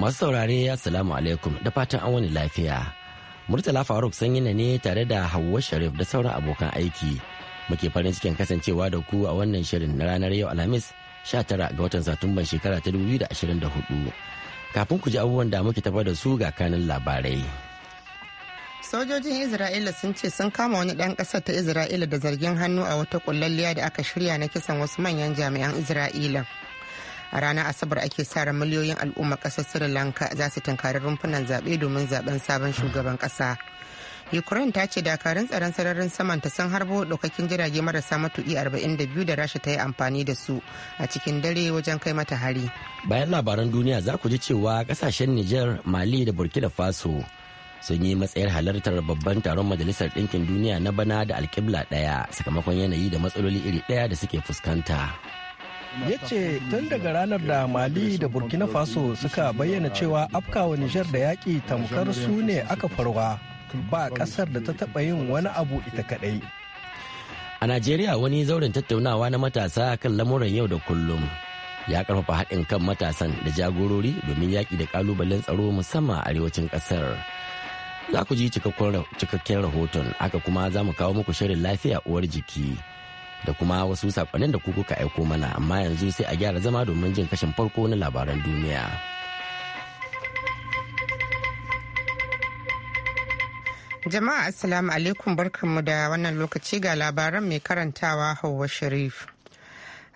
Masu saurare salamu alaikum da fatan an wani lafiya. Murtala Faruk sanyina ne tare da Hauwa Sharif da sauran abokan aiki. Muke farin cikin kasancewa da ku a wannan shirin na ranar yau Alhamis 19 ga watan Satumban shekara ta 2024. Kafin ku ji abubuwan da muke tafa da su ga kanin labarai. Sojojin Isra'ila sun ce sun kama wani ɗan ƙasar ta Isra'ila da zargin hannu a wata kullalliya da aka shirya na kisan wasu manyan jami'an Isra'ila. a ranar asabar ake sa ran miliyoyin al'umma kasar sri lanka za su tunkari rumfunan zaɓe domin zaben sabon shugaban ƙasa ukraine ta ce dakarun tsaron sararin saman ta sun harbo ɗaukakin jirage marasa matuƙi 42 da rasha ta yi amfani da su a cikin dare wajen kai mata hari bayan labaran duniya za ku ji cewa ƙasashen niger mali da burkina faso sun yi matsayar halartar babban taron majalisar ɗinkin duniya na bana da alkibla ɗaya sakamakon yanayi da matsaloli iri ɗaya da suke fuskanta ya ce tun daga ranar da mali da burkina faso suka bayyana cewa afkawa nijar da yaƙi tamkar su ne aka farwa ba ƙasar da ta taɓa yin wani abu ita kaɗai a najeriya wani zauren tattaunawa na matasa kan lamuran yau da kullum ya karfafa haɗin kan matasan da jagorori domin yaƙi da ƙalubalen tsaro musamman a arewacin ƙasar za ku ji cikakken rahoton haka kuma za mu kawo muku shirin lafiya uwar jiki da kuma wasu sakonnin da ku kuka aiko mana amma yanzu sai a gyara zama domin jin kashin farko na labaran duniya. Jama'a Assalamu alaikum barkanmu da wannan lokaci ga labaran mai karantawa Hauwa Sharif.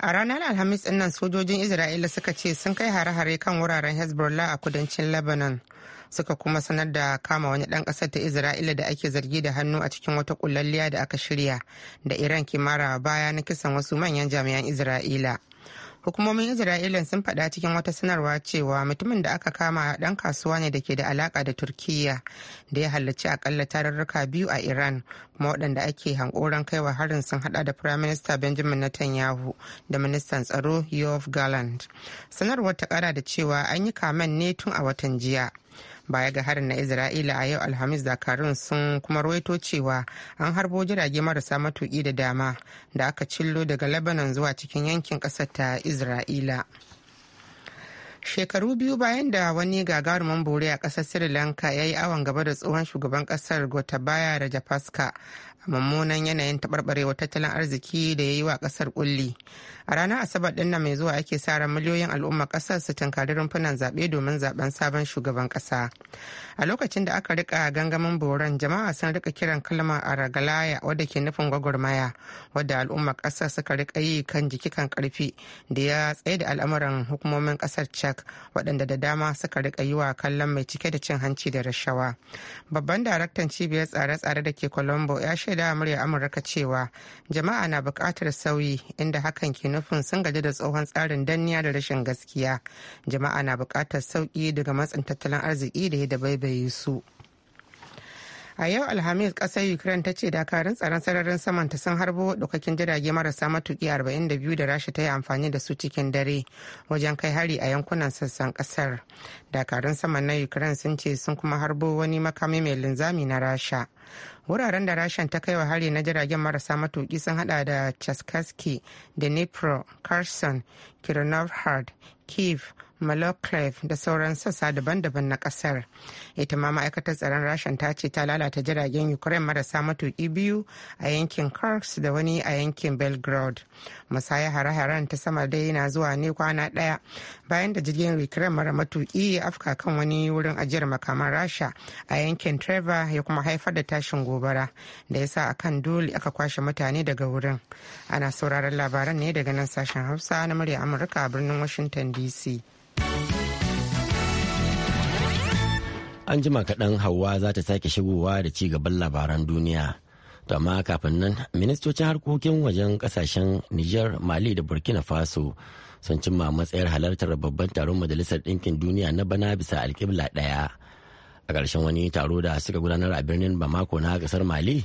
A ranar Alhamis ɗinnan sojojin Isra'ila suka ce sun kai hare-hare kan wuraren Hezbollah a kudancin Lebanon. suka kuma sanar da kama wani ɗan ƙasar ta isra'ila da ake zargi da hannu a cikin wata ƙullalliya da aka shirya da iran kimara baya na kisan wasu manyan jami'an isra'ila hukumomin isra'ila sun faɗa cikin wata sanarwa cewa mutumin da aka kama ɗan kasuwa ne da ke da alaka da turkiya da ya halarci akalla tararruka biyu a iran kuma waɗanda ake hankoran kaiwa harin sun hada da prime minister benjamin netanyahu da ministan tsaro yoav galand sanarwar ta kara da cewa an yi kamen ne tun a watan jiya baya ga harin na isra'ila a yau alhamis dakarun sun kuma ruwaito cewa an harbo jirage marasa matuƙi da dama da aka cillo daga lebanon zuwa cikin yankin ƙasar ta isra'ila shekaru biyu bayan da wani gagarumin bore a ƙasar sri lanka ya yi awon gaba da tsohon shugaban ƙasar gotabaya rajapaksa mummunan yanayin taɓarɓarewa tattalin arziki da ya yi wa ƙasar kulli a ranar asabar ɗin nan mai zuwa ake sa ran miliyoyin al'ummar ƙasar su tunkari rumfunan zaɓe domin zaɓen sabon shugaban ƙasa a lokacin da aka rika gangamin boron jama'a sun rika kiran kalmar aragalaya wadda ke nufin gwagwarmaya wadda al'ummar ƙasar suka rika yi kan jiki kan ƙarfi da ya tsaye da al'amuran hukumomin ƙasar chak waɗanda da dama suka rika yi wa kallon mai cike da cin hanci da rashawa babban daraktan cibiyar tsare-tsare da ke colombo ya shaida murya amurka cewa jama'a na bukatar sauyi inda hakan ke nufin sun gaji da tsohon tsarin danniya da rashin gaskiya jama'a na bukatar sauki daga matsin tattalin arziki da ya dabaibaye su a yau alhamis kasar ukraine ta ce dakarun tsaron sararin saman ta sun harbo dokakin jirage marasa matuki 42 da rasha ta yi amfani da su cikin dare wajen kai hari a yankunan sassan kasar dakarun saman na ukraine sun ce sun kuma harbo wani makami mai linzami na rasha wuraren da rashan ta kai wa hari na jiragen marasa matuki sun hada da chaskaski dnipro carson hard kiev Maloclave da sauran sassa daban-daban na kasar. Ita ma ma'aikatar tsaron Rashan ta ce ta lalata jiragen Ukraine marasa matuki biyu a yankin Kursk da wani a yankin Belgrade. Musaya hare-haren ta sama dai na zuwa ne kwana ɗaya bayan da jirgin Ukraine mara matuki ya afka kan wani wurin ajiyar makaman Rasha a yankin Trevor ya kuma haifar da tashin gobara da ya sa a kan dole aka kwashe mutane daga wurin. Ana sauraron labaran ne daga nan sashen Hausa na murya Amurka a birnin Washington DC. An jima kaɗan Hauwa za ta sake shigowa da ci gaban labaran duniya. To amma kafin nan ministocin harkokin wajen kasashen Niger, Mali da Burkina Faso sun cimma matsayar halartar babban taron Majalisar Ɗinkin Duniya na bana bisa alƙibla ɗaya. A ƙarshen wani taro da suka gudanar a birnin Bamako na ƙasar Mali,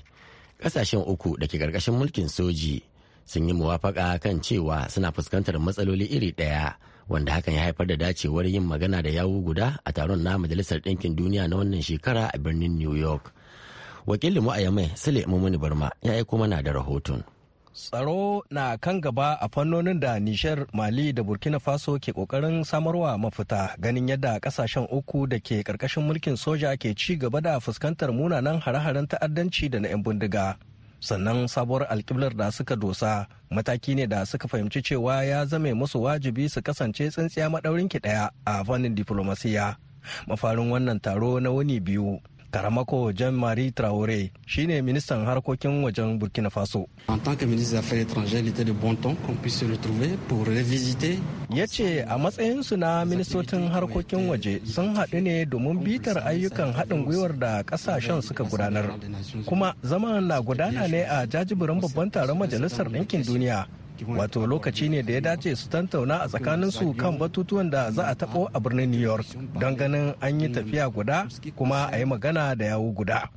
ƙasashen uku da ke ƙarƙashin mulkin soji sun yi muwafaƙa kan cewa suna fuskantar matsaloli iri ɗaya. wanda hakan ya haifar da dacewar yin magana da yawu guda a taron na majalisar ɗinkin duniya na wannan shekara a birnin new york wakilin mu a yamai sule mumuni barma ya aiko mana da rahoton tsaro na kan gaba a fannonin da nishar mali da burkina faso ke kokarin samarwa mafita ganin yadda kasashen uku da ke karkashin mulkin soja ke ci gaba da fuskantar munanan hare-haren ta'addanci da na 'yan bindiga sannan sabuwar alkiblar da suka dosa mataki ne da suka fahimci cewa ya zame musu wajibi su kasance tsintsiya maɗaurinki ɗaya a fannin diflomasiya mafarin wannan taro na wuni biyu karamako jean marie traore shine ministan harkokin wajen burkina faso ya ce a matsayinsu na ministocin harkokin waje sun haɗu ne domin bitar ayyukan haɗin gwiwar da ƙasashen suka gudanar kuma zama na gudana ne a jajibirin babban taron majalisar ɗinkin duniya wato lokaci ne da ya dace su tantauna a tsakanin su kan batutuwan da za a taɓo a birnin new york don ganin an yi tafiya guda kuma a yi magana da yawo guda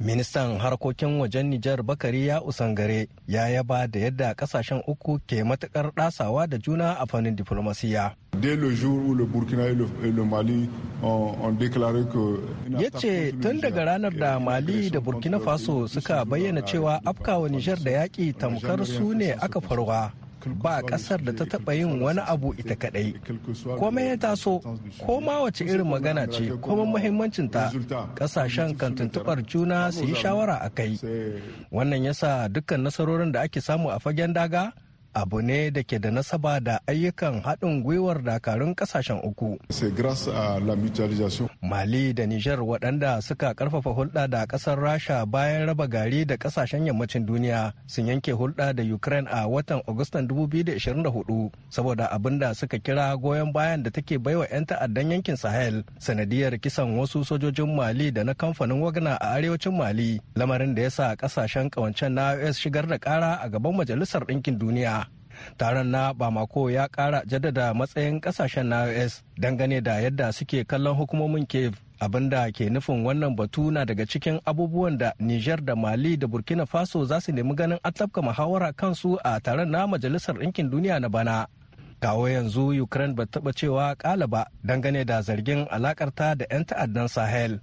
ministan harkokin wajen nijar bakari ya usangare ya yaba da yadda kasashen uku ke matukar ɗasawa da juna a fannin diflomasiya Dès le jour où le Burkina et le, et le Mali ya ce tun daga ranar da mali da burkina faso suka bayyana cewa afkawa nijar da yaƙi tamkar su ne aka farwa ba kasar da ta taɓa yin wani abu ita kaɗai kuma ya taso ko wace irin magana ce kuma muhimmancinta ƙasashen kan tuntuɓar juna su yi shawara a kai wannan yasa dukkan nasarorin da ake samu a fagen daga abu ne da ke da nasaba da ayyukan haɗin gwiwar dakarun ƙasashen uku. Mali da Nijar waɗanda suka ƙarfafa hulɗa da ƙasar Rasha bayan raba gari da ƙasashen yammacin duniya sun yanke hulɗa da Ukraine a watan Agustan 2024 saboda abin da suka kira goyon bayan da take baiwa 'yan ta'addan yankin Sahel sanadiyar kisan wasu sojojin Mali da na kamfanin wagna a arewacin Mali lamarin da ya sa ƙasashen ƙawancen na US shigar da ƙara a gaban Majalisar Ɗinkin Duniya. taron na bamako ya kara jaddada matsayin kasashen na us dangane da yadda suke kallon hukumomin abin da ke nufin wannan batu na daga cikin abubuwan da niger da mali da burkina faso za su nemi ganin an muhawara kansu a taron na majalisar ɗinkin duniya na bana kawo yanzu ukraine ba taɓa cewa ba dangane da zargin alakarta da 'yan ta'addan sahel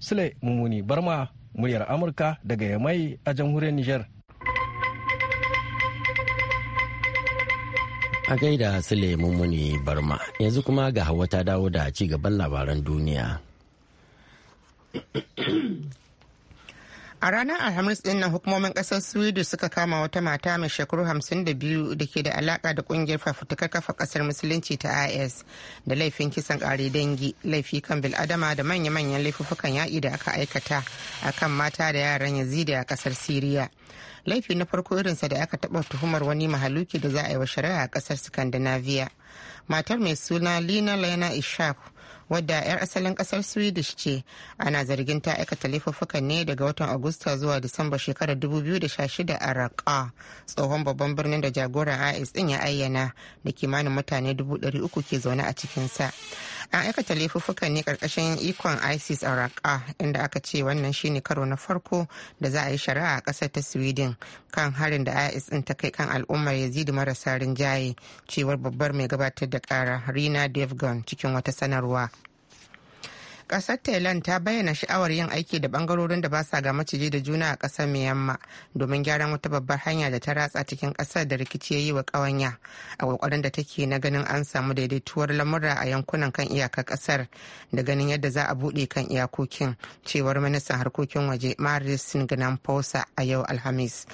sule mummuni barma muryar amurka daga yamai a jamhuriyar niger A gaida Sule Mummuni Barma, yanzu kuma ga hawa ta dawo da ci gaban labaran duniya. A ranar Alhamis din nan hukumomin kasar Swedish suka kama wata mata mai shekaru 52 da ke da alaka da kungiyar fafutukar kafa kasar musulunci ta IS da laifin kisan kare dangi, laifi kan bil'adama da manya-manyan laifuffukan yaƙi da aka aikata a kan mata da yaran yazidi a kasar Siriya. laifi na farko irinsa da aka taɓa tuhumar wani mahaluki da za a yi wa shari'a a ƙasar scandinavia matar mai suna lina lena ishaf wadda 'yar asalin kasar swedish ce ana zargin ta aikata laifuffukan ne daga watan agusta zuwa disamba shekarar 2016 a raqqa tsohon babban birnin da jagoran is din ya ayyana da kimanin mutane 300 ke zaune a cikinsa an aikata laifuffukan ne karkashin ikon isis a raqqa inda aka ce wannan shine karo na farko da za a yi shari'a a kasar ta sweden kan harin da is din ta kai kan al'ummar yazidi marasa rinjaye cewar babbar mai gabatar gabatar da kara rina devgan cikin wata sanarwa kasar thailand ta bayyana sha'awar yin aiki da bangarorin da ba sa ga maciji da juna a kasar myanmar domin gyaran wata babbar hanya da ta ratsa cikin kasar da rikici ya yi wa kawanya a kokarin da take na ganin an samu daidaituwar lamura a yankunan kan iyakar kasar da ganin yadda za a bude kan iyakokin cewar ministan harkokin waje maris singnan posa a yau alhamis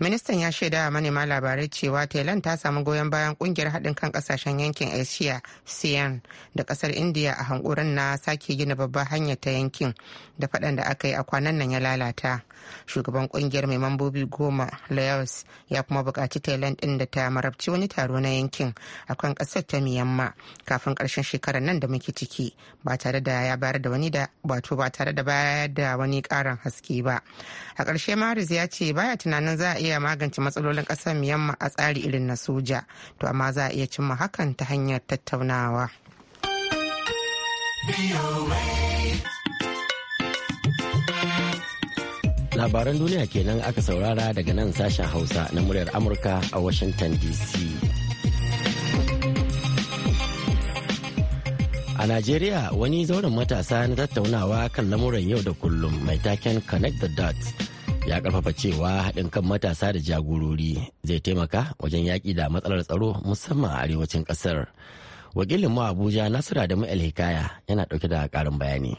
ministan ya shaida wa manema labarai cewa thailand ta samu goyon bayan kungiyar haɗin kan kasashen yankin asia siyan da kasar india a hankurin na sake gina babbar hanya ta yankin da faɗan da aka yi a kwanan nan ya lalata shugaban kungiyar mai mambobi goma laos ya kuma buƙaci thailand ɗin da ta marabci wani taro na yankin akan ƙasar ta miyamma kafin ƙarshen shekarar nan da muke ciki ba tare da ya bayar da wani da wato ba tare da bayar da wani ƙarin haske ba a ƙarshe maris ya ce baya tunanin za a iya magance matsalolin ƙasar miyamma a tsari irin na soja to amma za a iya cimma hakan ta hanyar tattaunawa. Labaran duniya kenan aka saurara daga nan sashen Hausa na muryar Amurka a Washington DC. A Najeriya wani zauren matasa na tattaunawa kan lamuran yau da kullum mai taken Connect the Dots ya karfafa cewa haɗin kan matasa da jagorori zai taimaka wajen yaƙi da matsalar tsaro musamman a arewacin ƙasar. wakilin mu abuja nasiru adamu el hikaya yana dauke da karin bayani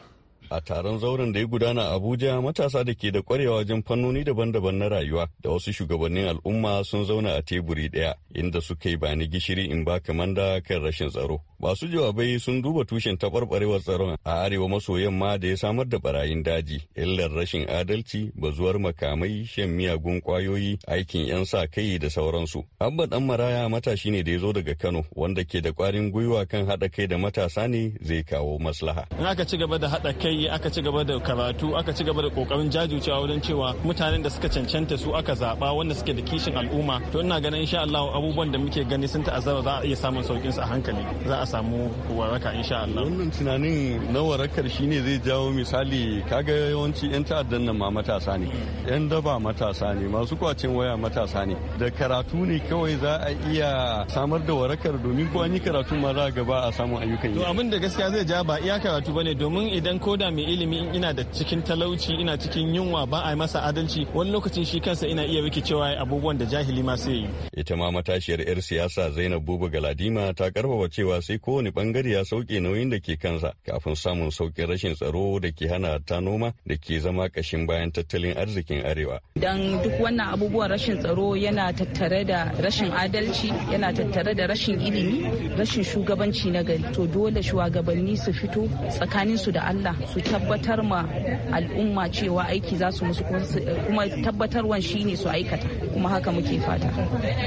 a taron zauren da ya gudana a Abuja matasa da ke da kwarewa wajen fannoni daban-daban na rayuwa da wasu shugabannin al'umma sun zauna a teburi daya. inda suka yi bani gishiri in ba kamanda kan rashin tsaro. Masu jawabai sun duba tushen taɓarɓarewar tsaron a arewa maso yamma da ya samar da barayin daji, illar rashin adalci, bazuwar makamai, shan miyagun kwayoyi. aikin 'yan sa kai da sauransu. Abba ɗan maraya matashi ne da ya zo daga Kano wanda ke da ƙwarin gwiwa kan haɗa kai da matasa ne zai kawo maslaha. In aka ci gaba da haɗa kai yi aka ci gaba da karatu aka ci gaba da kokarin jajircewa wajen cewa mutanen da suka cancanta su aka zaba wanda suke da kishin al'umma to ina ganin insha Allah abubuwan da muke gani sun ta'azzara za a iya samun saukin su a hankali za a samu waraka insha Allah wannan tunanin na warakar shine zai jawo misali kaga yawanci yan ta'addan nan ma matasa ne yan daba matasa ne masu kwacin waya matasa ne da karatu ne kawai za a iya samar da warakar domin ko an yi karatu ma za a gaba a samu ayyukan yi to abin da gaskiya zai ja ba iya karatu bane domin idan koda mai ilimi in ina da cikin talauci ina cikin yunwa ba a masa adalci wani lokacin shi kansa ina iya rikicewa ya abubuwan da jahili ma sai yi. Ita ma matashiyar 'yar siyasa Zainab Buba Galadima ta karfafa cewa sai kowane bangare ya sauke nauyin da ke kansa kafin samun saukin rashin tsaro da ke hana ta noma da ke zama kashin bayan tattalin arzikin arewa. dan duk wannan abubuwan rashin tsaro yana tattare da rashin adalci yana tattare da rashin ilimi rashin shugabanci na gari to dole shugabanni su fito tsakaninsu da Allah su su tabbatar ma al'umma cewa aiki za su musu kuma tabbatarwan shine su aikata kuma haka muke fata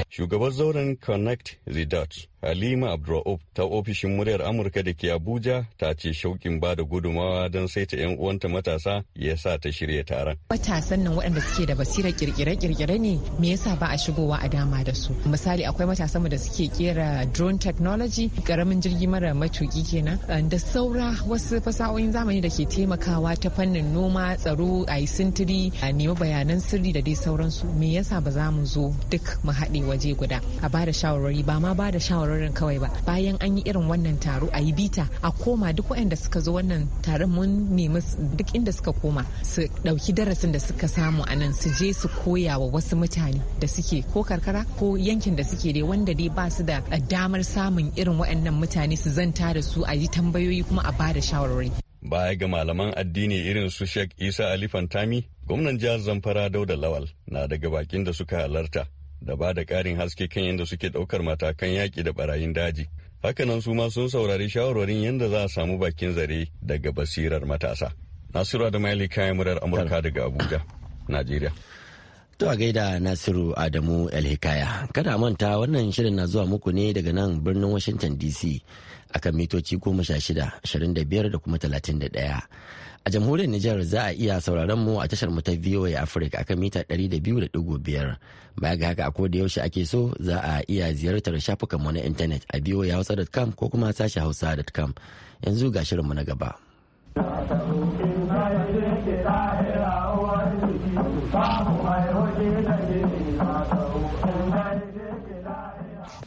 shugaban zauren connect the dots Halima Abdur'aub ta ofishin muryar Amurka da ke Abuja ta ce shauƙin ba da gudumawa don saita 'yan uwanta matasa ya sa ta shirya taron. Matasan nan waɗanda suke da basira kirkire-kirkire ne me yasa ba a shigowa a dama da su. Misali akwai matasan mu da suke kera drone technology karamin jirgi mara matuki kenan eh, da saura wasu fasahohin zamani da ke taimakawa ta fannin noma tsaro a yi sintiri a nemi bayanan sirri da dai sauransu me yasa ba za mu zo duk mu haɗe waje guda a ba da shawarwari ba ma ba da shawarwari tarorin kawai ba bayan an yi irin wannan taro a yi bita a koma duk waɗanda suka zo wannan taron mun nemi duk inda suka koma su ɗauki darasin da suka samu a nan su je su koya wa wasu mutane da suke ko karkara ko yankin da suke dai wanda dai ba su da damar samun irin waɗannan mutane su zanta da su a yi tambayoyi kuma a ba da shawarwari. Baya ga malaman addini irin su Sheikh Isa Ali Fantami, gwamnan jihar Zamfara Dauda Lawal na daga bakin da suka halarta. da ba da ƙarin haske kan yadda suke ɗaukar matakan yaƙi da barayin daji. Hakanan su ma sun saurari shawarwarin yadda za a samu bakin zare daga basirar matasa. Nasiru Adamu kayan murar Amurka daga Abuja, Najeriya. To a gaida Nasiru Adamu Alhikaya. Kada manta wannan shirin na zuwa muku ne daga nan birnin Washington DC akan mitoci goma sha shida, ashirin da biyar da kuma talatin da ɗaya. A jamhuriyar Nijar za a iya sauraron mu a tashar mu ta VOA Africa akan mita 200.5 baya ga haka a da yaushe ake so za a iya ziyartar shafukan mu na intanet a voahausa.com ko kuma sashi hausa.com yanzu ga shirin mu na gaba.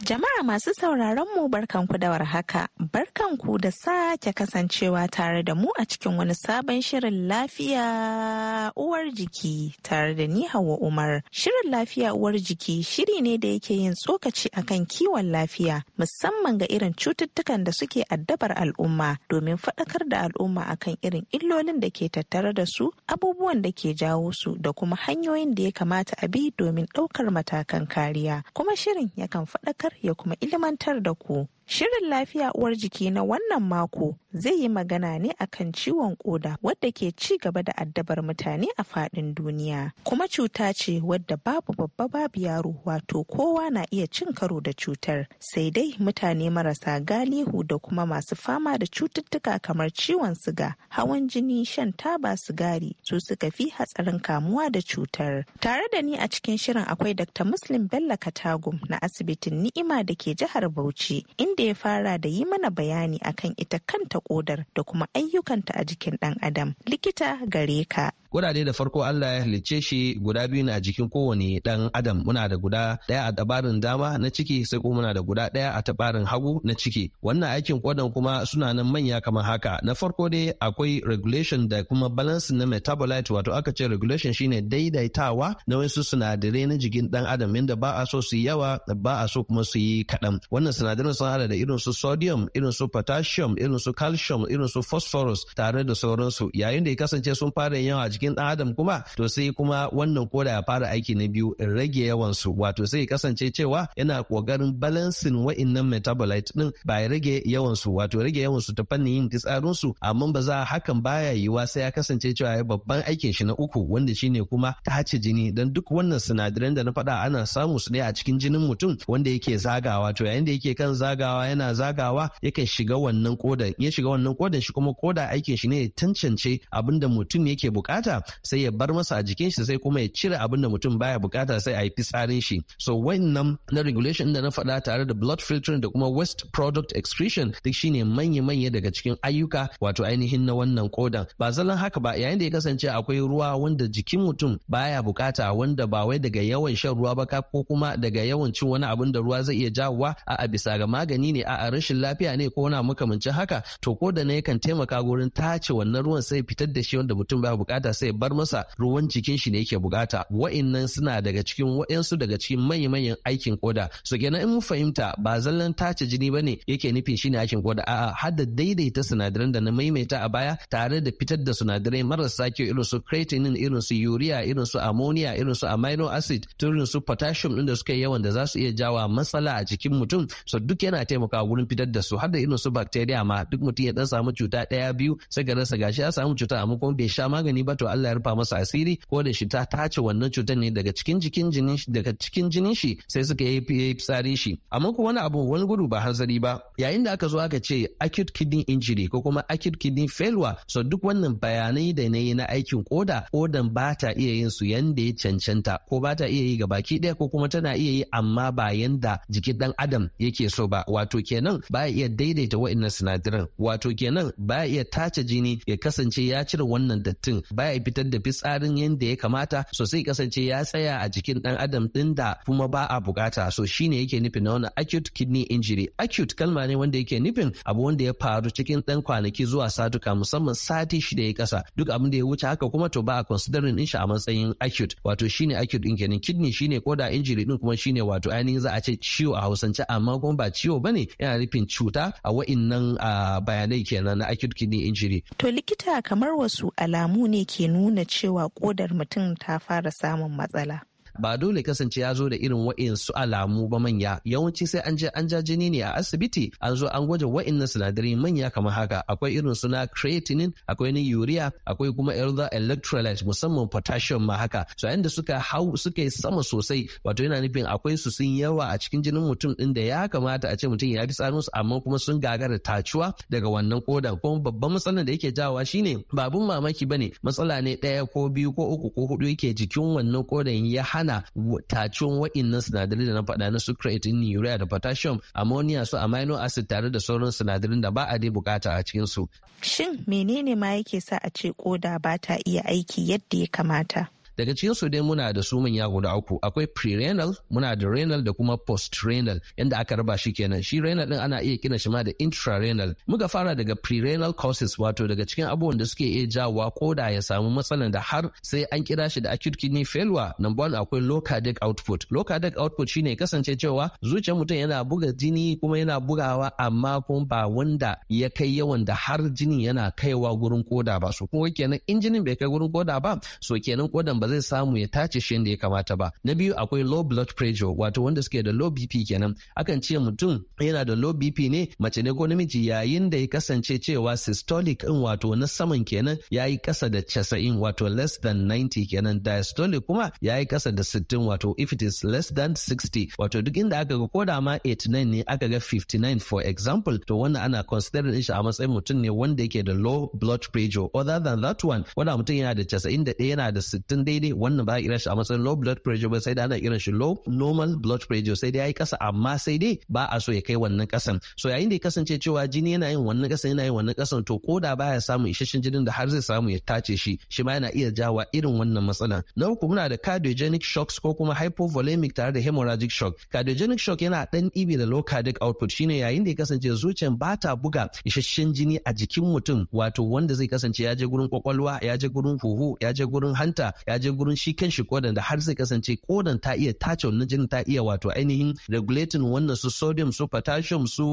Jama'a masu sauraron mu barkanku da warhaka, barkanku da sake kasancewa tare da mu a cikin wani sabon shirin lafiya uwar jiki tare da ni Hauwa Umar. Shirin lafiya uwar jiki shiri ne da yake yin tsokaci akan kiwon lafiya musamman ga irin cututtukan da suke addabar al'umma domin faɗakar da al'umma akan irin illolin da ke tattare da su, abubuwan da ke jawo su da kuma hanyoyin da ya kamata a bi domin ɗaukar matakan kariya. Kuma shirin yakan faɗakar ya kuma ilimantar da ku. Shirin lafiya uwar jiki na wannan mako zai yi magana ne akan ciwon koda wadda ke ci gaba da addabar mutane a fadin duniya. Kuma cuta ce wadda babu babba babu yaro wato kowa na iya cin karo da cutar. Sai dai mutane marasa galihu da kuma masu fama da cututtuka kamar ciwon siga, hawan jini, shan taba sigari su suka fi hatsarin kamuwa da cutar. Tare da ni a cikin shirin akwai Dr. Muslim Bello Katagum na asibitin Ni'ima da ke jihar Bauchi inda ya fara da yi mana bayani akan ita kanta kodar da kuma ayyukanta a jikin ɗan adam likita gare ka Kudade da farko Allah ya halicce shi guda biyu na jikin kowane dan adam muna da guda daya a tabarin dama na ciki sai kuma muna da guda daya a tabarin hagu na ciki. Wannan aikin kodan kuma suna nan manya kamar haka. Na farko dai akwai regulation da kuma balance na metabolite wato aka ce regulation shine daidaitawa na wasu sinadarai na jikin dan adam inda ba a so su yi yawa ba a so kuma su yi kaɗan. Wannan sinadaran sun hada da irin su sodium, irin su potassium, irin su calcium, irin su phosphorus tare da sauransu. Yayin da ya kasance sun fara yawa jikin ɗan adam kuma to sai kuma wannan koda ya fara aiki na biyu in rage yawan su wato sai kasance cewa yana kokarin balansin wa'annan metabolite din ba ya rage yawan su wato rage yawan su ta fannin yin fitsarin su amma ba za hakan baya yiwa sai ya kasance cewa ya babban aikin shi na uku wanda shine kuma tace jini dan duk wannan sinadaran da na faɗa ana samu su ne a cikin jinin mutum wanda yake zagawa to yayin da yake kan zagawa yana zagawa yake shiga wannan kodan ya shiga wannan kodan shi kuma koda aikin shi ne ya tantance abin da mutum yake bukata bukata sai ya bar masa a jikin shi sai kuma ya cire abin da mutum baya bukata sai a yi fitsarin shi so wannan na regulation da na faɗa tare da blood filtering da kuma waste product excretion duk shine manya-manya daga cikin ayyuka wato ainihin na wannan kodan ba zalan haka ba yayin da ya kasance akwai ruwa wanda jikin mutum baya bukata wanda ba wai daga yawan shan ruwa ba ka ko kuma daga yawan cin wani abin da ruwa zai iya jawowa a bisa ga magani ne a rashin lafiya ne ko wani makamancin haka to ko da ne yakan taimaka gurin tace wannan ruwan sai fitar da shi wanda mutum baya bukata sai bar masa ruwan jikin shi ne yake bukata wa'annan suna daga cikin wa'ansu daga cikin manya-manyan aikin koda so kenan in fahimta ba zallan tace jini bane yake nufin shine aikin koda a'a har da daidaita sinadaran da na maimaita a baya tare da fitar da sinadarai marasa kyau irin su creatinine irin su urea irin su ammonia irin su amino acid irin su potassium din da suke yawan da za su iya jawa matsala a jikin mutum so duk yana taimakawa wurin fitar da su har da irin su bacteria ma duk mutum ya dan samu cuta daya biyu sai ga rasa gashi ya samu cuta amma kuma bai sha magani ba to Allah ya rufa masa asiri da shi ta tace wannan cutar ne daga cikin jikin jinin shi daga cikin jinin shi sai suka yi fitsari shi amma ko wani abu wani gudu ba hanzari ba yayin da aka zo aka ce acute kidney injury ko kuma acute kidney failure so duk wannan bayanai da nayi na aikin koda kodan ba ta iya yin su yanda ya cancanta ko ba ta iya yi ga baki ɗaya ko kuma tana iya yi amma ba yanda jikin dan adam yake so ba wato kenan ba iya daidaita wa'annan sinadiran wato kenan ba iya tace jini ya kasance ya cire wannan dattin ba ya fitar da fitsarin yadda ya kamata so sai kasance ya tsaya a jikin dan adam din da kuma ba a bukata so shine yake nufin na wannan acute kidney injury acute kalma ne wanda yake nufin abu wanda ya faru cikin dan kwanaki zuwa satuka musamman sati shida ya kasa duk abin da ya wuce haka kuma to ba a considering din shi a matsayin acute wato shine acute din kenan kidney shine koda injury din kuma shine wato ainihin za a ce ciwo a Hausance amma kuma ba ciwo bane yana nufin cuta a waannan bayanai kenan na acute kidney injury to likita kamar wasu alamu ne ke nuna cewa kodar mutum ta fara samun matsala. ba dole kasance ya zo da irin wa'insu alamu ba manya yawanci sai an je an ja jini ne a asibiti an zo an gwaje wa'innan sinadarai manya kamar haka akwai irin suna creatinine akwai ni urea akwai kuma erza electrolyte musamman potassium ma haka so yayin da suka hau suka yi sama sosai wato yana nufin akwai su sun yawa a cikin jinin mutum din da ya kamata a ce mutum ya fi tsarin su amma kuma sun gagara tacuwa daga wannan kodan kuma babban matsalar da yake jawa shine babun mamaki bane matsala ne ɗaya ko biyu ko uku ko hudu yake jikin wannan kodan ya hana hana tacin wa'innan sinadarai da na faɗa na su creatine urea da potassium ammonia su amino acid tare da sauran sinadarin da ba a dai bukata a cikin su shin menene ma yake sa a ce koda ba ta iya aiki yadda ya kamata daga cikin su dai muna da su manya guda uku akwai pre-renal muna da renal da kuma post-renal yanda aka raba shi kenan shi renal din ana iya kina shi ma da intrarenal muka fara daga pre-renal causes wato daga cikin abubuwan da suke iya jawa ko da ya samu matsalan da har sai an kira shi da acute kidney failure number one akwai low cardiac output low cardiac output shine kasance cewa zuciyar mutum yana buga jini kuma yana bugawa amma kuma ba wanda ya kai yawan da har jini yana kaiwa gurin koda ba so kuma kenan injinin bai kai gurin koda ba so kenan kodan ba ba zai samu ya tace shi yadda ya kamata ba na biyu akwai low blood pressure wato wanda suke da low bp kenan akan ce mutum yana da low bp ne mace ne ko namiji yayin da ya kasance cewa systolic in wato na saman kenan ya yi kasa da casa'in wato less than 90 kenan diastolic kuma ya yi kasa da 60 wato if it is less than 60 wato duk inda aka ga ko da ma 89 ne aka ga 59 for example to wannan ana considering shi a matsayin mutum ne wanda yake da low blood pressure other than that one wanda mutum yana da 91 yana da 60 dai sai dai wannan ba a kiran shi a matsayin low blood pressure ba sai dai ana kiran shi low normal blood pressure sai dai yayi kasa amma sai dai ba a so ya kai wannan kasan so yayin da ya kasance cewa jini yana yin wannan kasan yana yin wannan kasan to koda baya samu isasshen jinin da har zai samu ya tace shi shi ma yana iya jawa irin wannan matsalan na uku muna da cardiogenic shocks ko kuma hypovolemic tare da hemorrhagic shock cardiogenic shock yana dan ibi da low cardiac output shine yayin da ya kasance zuciyan ba ta buga isasshen jini a jikin mutum wato wanda zai kasance ya je gurin kwakwalwa ya je gurin huhu ya je gurin hanta ya je je gurin shi kan shi kodan da har zai kasance kodan ta iya tace wannan jinin ta iya wato ainihin regulating wannan su sodium su potassium su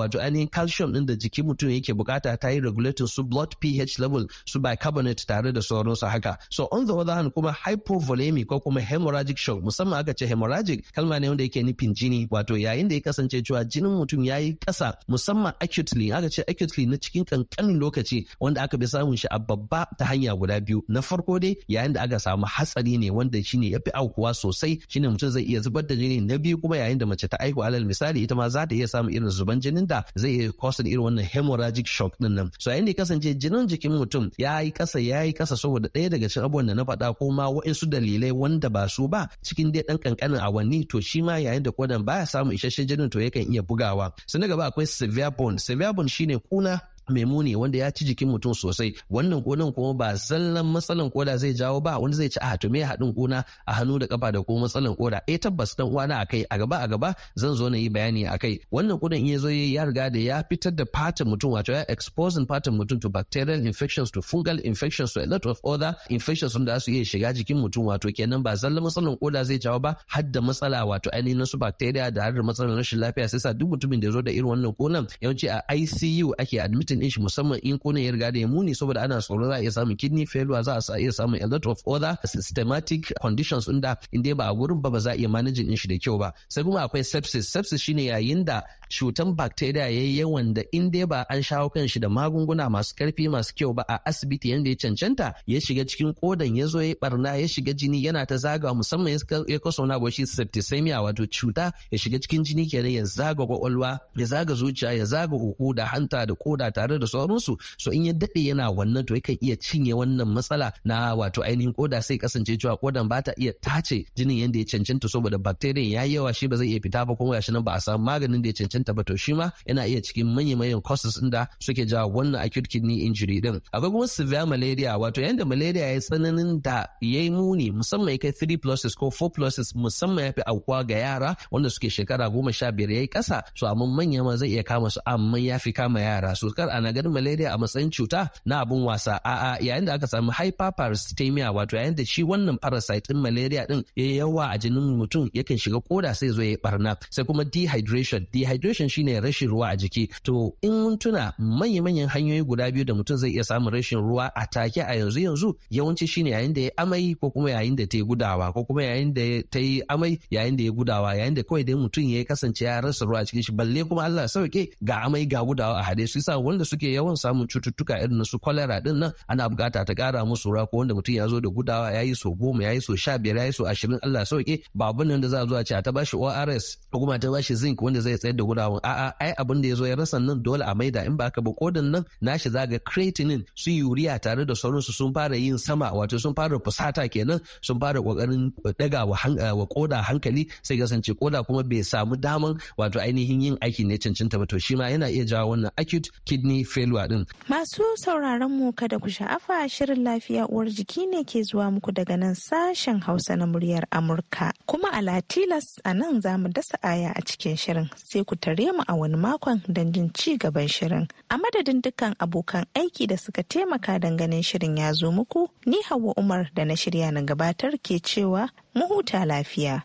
wato ainihin calcium din da jikin mutum yake bukata ta yi regulating su blood pH level su bicarbonate tare da sauransu haka so on the other hand kuma hypovolemic ko kuma hemorrhagic shock musamman aka ce hemorrhagic kalma ne wanda yake nufin jini wato yayin da ya kasance cewa jinin mutum ya yi kasa musamman acutely aka ce acutely na cikin kankanin lokaci wanda aka bi samun shi a babba ta hanya guda biyu na farko dai yayin da aka samu hatsari ne wanda shine fi aukuwa sosai shi ne mutum zai iya zubar da jini na biyu kuma yayin da mace ta aiko alal misali ita ma za ta iya samun irin zuban jinin da zai iya kosa irin wannan hemorrhagic shock din nan so yayin da kasance jinin jikin mutum ya yi kasa ya yi kasa saboda ɗaya daga cikin abubuwan da na faɗa ko ma waɗansu dalilai wanda ba su ba cikin dai ɗan ƙanƙanin awanni to shi ma yayin da kodan baya samun isasshen jinin to yakan iya bugawa. su Sannan gaba akwai severe bone. Severe bone shine kuna mai muni wanda ya ci jikin mutum sosai wannan konan kuma ba zallan matsalan koda zai jawo ba wani zai ci a ah, to me haɗin kona a hannu da kafa da kuma matsalan koda eh tabbas dan uwana akai a gaba a gaba zan zo na yi bayani akai wannan kodan in yazo ya riga da ya fitar da fatan mutum wato ya exposing fatan mutum to bacterial infections to fungal infections to a lot of other infections wanda su iya shiga jikin mutum wato kenan ba zallan matsalan koda zai jawo ba har da matsala wato ainihin su bacteria da har da matsalan rashin lafiya sai sa duk mutumin da ya zo da irin wannan konan yawanci a ICU ake admitting treating din shi musamman in kuna ya riga da ya muni saboda ana tsoro za a iya samun kidney failure za a iya samun a lot of other systematic conditions inda in dai ba a gurin ba ba za a iya managing din shi da kyau ba sai kuma akwai sepsis sepsis shine yayin da cutan bacteria yayi yawan da in dai ba an shawo kan shi da magunguna masu karfi masu kyau ba a asibiti yanda ya cancanta ya shiga cikin kodan ya zo ya barna ya shiga jini yana ta zaga musamman ya kaso na shi septicemia wato cuta ya shiga cikin jini kenan ya zaga kwakwalwa ya zaga zuciya ya zaga huhu da hanta da koda tare tare da sauransu so in ya daɗe yana wannan to yakan iya cinye wannan matsala na wato ainihin koda sai kasance cewa kodan ba ta iya tace jinin yadda ya cancanta saboda bacteria ya yi yawa shi ba zai iya fita ba kuma gashi nan ba a samu maganin da ya cancanta ba to shi ma yana iya cikin manya-manyan causes inda da suke jawo wannan acute kidney injury din akwai kuma severe malaria wato yanda malaria ya tsananin da ya yi muni musamman ya kai 3 pluses ko 4 pluses musamman ya fi aukuwa ga yara wanda suke shekara goma sha biyar ya yi kasa so amma manya ma zai iya kama su amma ya fi kama yara so kar a ana ganin malaria a matsayin cuta na abun wasa a'a yayin da aka samu hyperparasitemia wato yayin da shi wannan parasite din malaria din ya yawa a jinin mutum yakan shiga koda sai zo ya barna sai kuma dehydration dehydration shine rashin ruwa a jiki to in mun tuna manya-manyan hanyoyi guda biyu da mutum zai iya samun rashin ruwa a take a yanzu yanzu yawanci shine yayin da ya amai ko kuma yayin da ta yi gudawa ko kuma yayin da ta yi amai yayin da ya gudawa yayin da kawai dai mutum ya kasance ya rasa ruwa a cikin shi balle kuma Allah sauke ga amai ga gudawa a hade su yasa wanda suke yawan samun cututtuka irin na su kwalera din nan ana bukata ta kara musu ruwa ko wanda mutum ya zo da gudawa ya yi so goma ya yi so sha biyar ya yi so ashirin Allah sauke ba nan da za a zo a ce a ta bashi ORS ko kuma ta bashi zinc wanda zai tsayar da gudawan a'a ai abin da ya zo ya rasa nan dole a maida in ba ka ba kodan nan nashi zaga creatinine su urea tare da sauransu sun fara yin sama wato sun fara fusata kenan sun fara kokarin daga wa koda hankali sai kasance koda kuma bai samu daman wato ainihin yin aiki ne cancanta ba to shi ma yana iya jawo wannan acute kidney kidney failure din. Masu sauraron mu kada ku sha'afa shirin lafiya uwar jiki ne ke zuwa muku daga nan sashen Hausa na muryar Amurka. Kuma a Latilas a nan za mu dasa aya a cikin shirin sai ku tare mu a wani makon don jin ci gaban shirin. A madadin dukkan abokan aiki da suka taimaka ganin shirin ya zo muku ni Hauwa Umar da na shirya na gabatar ke cewa mu huta lafiya.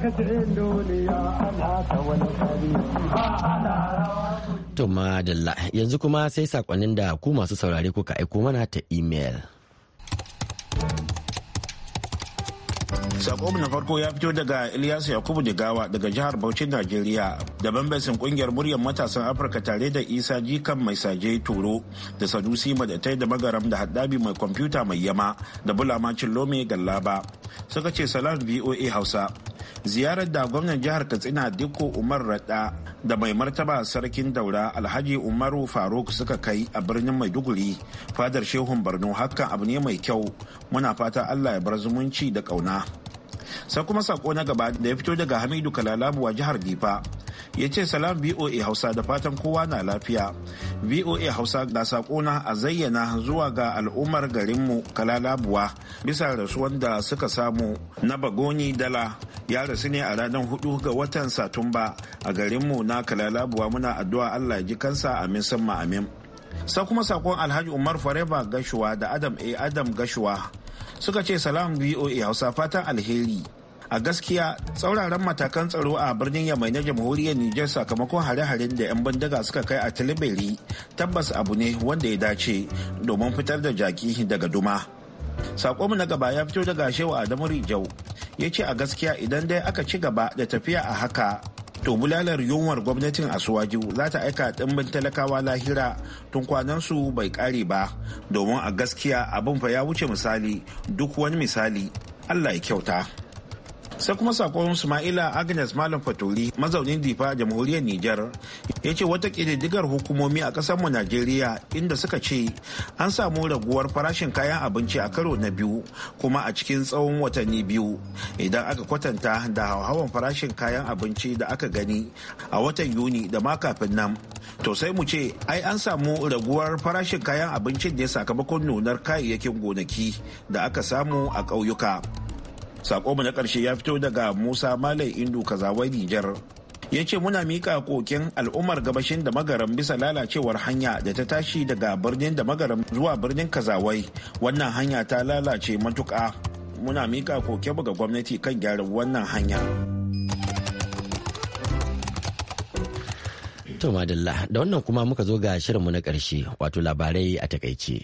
duniya ana ta wani To madalla yanzu kuma sai sakonnin da ku masu saurare kuka aiko mana ta email. Sako na farko ya fito daga Ilyasu Yakubu Digawa daga jihar Bauchi, Najeriya, da bambasin kungiyar muryar matasan Afirka tare da Isa Jikan mai saje Turo da sadusi Madatai da Magaram da Haddabi mai kwamfuta mai yama da Bulama Cillome Gallaba. Suka ce salat VOA Hausa. ziyarar da gwamnan jihar katsina dikko umar raɗa da mai martaba sarkin daura alhaji umaru faruk suka kai a birnin maiduguri fadar shehun barno hakan abu ne mai kyau muna fata allah ya bar zumunci da kauna sai kuma sako na gaba da ya fito daga hamidu kalalabuwa jihar difa ya ce salam voa hausa da fatan kowa na lafiya voa hausa na sakona a zayyana zuwa ga al'ummar garinmu kalalabuwa bisa rasuwan da suka samu na bagoni dala ya rasu ne a ranar hudu ga watan satumba a garinmu na kalalabuwa muna addu'a allah ji kansa amin samma amin sai kuma sakon alhaji umar fareba gashuwa da adam a adam gashuwa suka ce salam voa hausa fatan alheri a gaskiya tsauraran matakan tsaro a birnin yamai na jamhuriyar niger sakamakon hare-haren da 'yan bindiga suka kai a tilibiri tabbas abu ne wanda ya dace domin fitar da jaki daga duma sakonmu na gaba ya fito daga shewa adamu rijau ya ce a gaskiya idan dai aka ci gaba da tafiya a haka to bulalar yunwar gwamnatin asuwaju za ta aika ɗimbin talakawa lahira tun kwanansu bai ƙare ba domin a gaskiya abin fa ya wuce misali duk wani misali allah ya kyauta sai kuma sakon Sumaila Agnes Malam Faturi mazaunin Difa a jamhuriyar Nijar ya ce wata kididdigar hukumomi a ƙasarmu Najeriya inda suka ce an samu raguwar farashin kayan abinci a karo na biyu kuma a cikin tsawon watanni biyu idan aka kwatanta da hauhawan farashin kayan abinci da aka gani a watan Yuni da ma kafin nan. To sai mu ce ai an samu raguwar farashin kayan abincin ne sakamakon nunar kayayyakin gonaki da aka samu a ƙauyuka. sako mu na karshe ya fito daga musa malai indu kazawai nijar ya ce muna mika koken al'ummar gabashin da magaram bisa lalacewar hanya da ta tashi daga birnin da magaram zuwa birnin kazawai wannan hanya ta lalace matuka muna mika koke ga gwamnati kan gyaran wannan hanya to madalla da wannan kuma muka zo ga shirinmu na karshe wato labarai a takaice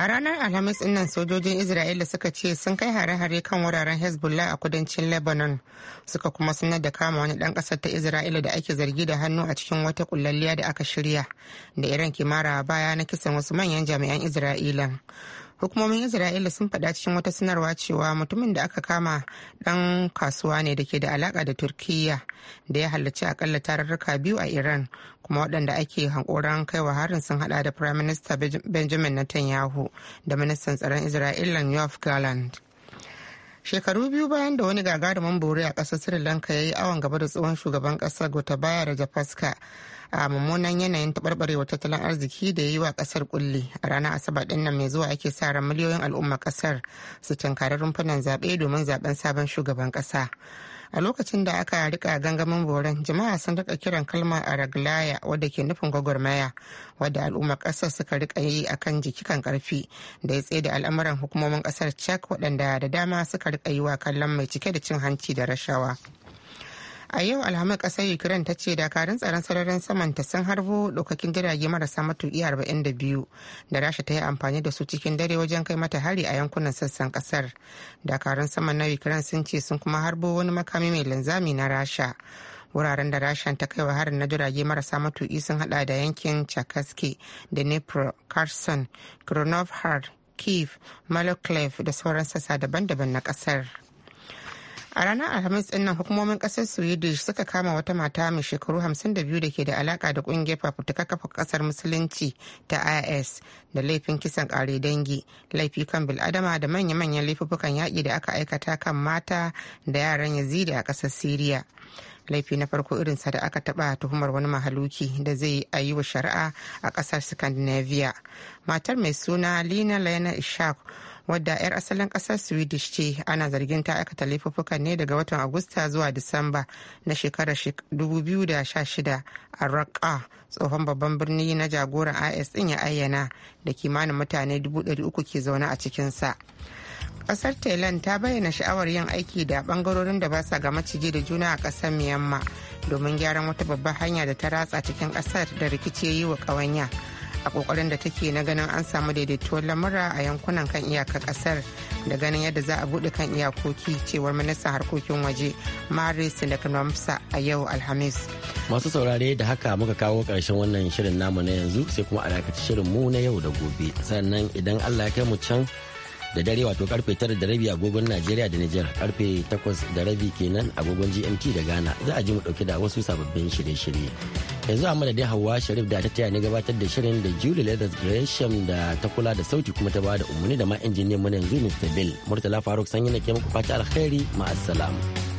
a ranar alhamis nan sojojin isra'ila suka ce sun kai hare-hare kan wuraren hezbollah a kudancin lebanon suka kuma sanar da kama wani dan kasar ta isra'ila da ake zargi da hannu a cikin wata kullalliya da aka shirya da iran kimara baya na kisan wasu manyan jami'an israila hukumomin isra'ila sun faɗa cikin wata sanarwa cewa mutumin da aka kama ɗan kasuwa ne da ke da alaƙa da turkiyya da ya halarci akalla tararruka biyu a iran kuma waɗanda ake hankoran kaiwa harin sun haɗa da prime minister benjamin netanyahu da ministan tsaron isra'ila yoav garland shekaru biyu bayan da wani gagarumin bore a ƙasar sri lanka ya yi awon gaba da tsohon shugaban ƙasar gotabaya da jafaska a mummunan yanayin taɓarɓarewar tattalin arziki da ya yi wa ƙasar kulli a ranar asabar ɗin nan mai zuwa ake sa ran miliyoyin al'umma ƙasar su tunkari rumfunan zaɓe domin zaɓen sabon shugaban ƙasa a lokacin da aka rika gangamin boran jama'a sun rika kiran kalma a raglaya wadda ke nufin gwagwarmaya wadda al'ummar kasar suka rika yi a kan jikikan karfi da ya tsaye da al'amuran hukumomin ƙasar czech waɗanda da dama suka rika yi wa kallon mai cike da cin hanci da rashawa a yau alhamis kasar ukraine ta ce dakarun tsaron sararin saman ta sun harbo dokakin jirage marasa matuki 42 da rasha ta yi amfani da su cikin dare wajen kai mata hari a yankunan sassan kasar dakarun saman na ukraine sun ce sun kuma harbo wani makami mai linzami na rasha wuraren da rasha ta kai wa harin na jirage marasa matuki sun hada da yankin chakaski da nepro carson kronov kiev maloklev da sauran sassa daban-daban na kasar a ranar alhamis din hukumomin kasar swedish suka kama wata mata mai shekaru 52 da ke da alaka da kungiyar fafutuka kafa kasar musulunci ta is da laifin kisan kare dangi laifi kan biladama da manya-manyan laifukan yaƙi da aka aikata kan mata da yaran yazidi a kasar siriya laifi na farko irinsa da aka taɓa tuhumar wani mahaluki da zai a yi wa shari'a a kasar scandinavia matar mai suna lina lena ishaq wadda 'yar asalin kasar swedish ce ana zargin ta aikata laifuffukan ne daga watan agusta zuwa disamba na shekarar 2016 a raqqa tsohon babban birni na jagoran is din ya ayyana da kimanin mutane 300 ke zaune a cikinsa kasar thailand ta bayyana sha'awar yin aiki da bangarorin da ba sa ga maciji da juna a kasar myanmar domin gyaran wata babbar hanya da ta ratsa cikin kasar da rikici ya yi wa ƙawanya. a kokarin da take na ganin an samu daidaituwar lamura a yankunan kan iyaka kasar da ganin yadda za a bude kan iyakoki cewar ministan harkokin waje da sinaknomsa a yau alhamis masu saurare da haka muka kawo karshen wannan shirin namu na yanzu sai kuma a dakaci shirin mu na yau da gobe sannan idan allah ya kai mu can da dare wato karfe tara da rabi agogon najeriya da niger karfe takwas da rabi kenan agogon gmt da ghana za a ji mu dauke da wasu sababbin shirye-shirye yanzu a madadin hawa sharif da ta taya ni gabatar da shirin da julie leathers gresham da ta kula da sauti kuma ta ba da umarni da ma injiniyan mu yanzu mr bill murtala faruk sanyi na ke muku fata alkhairi ma'assalamu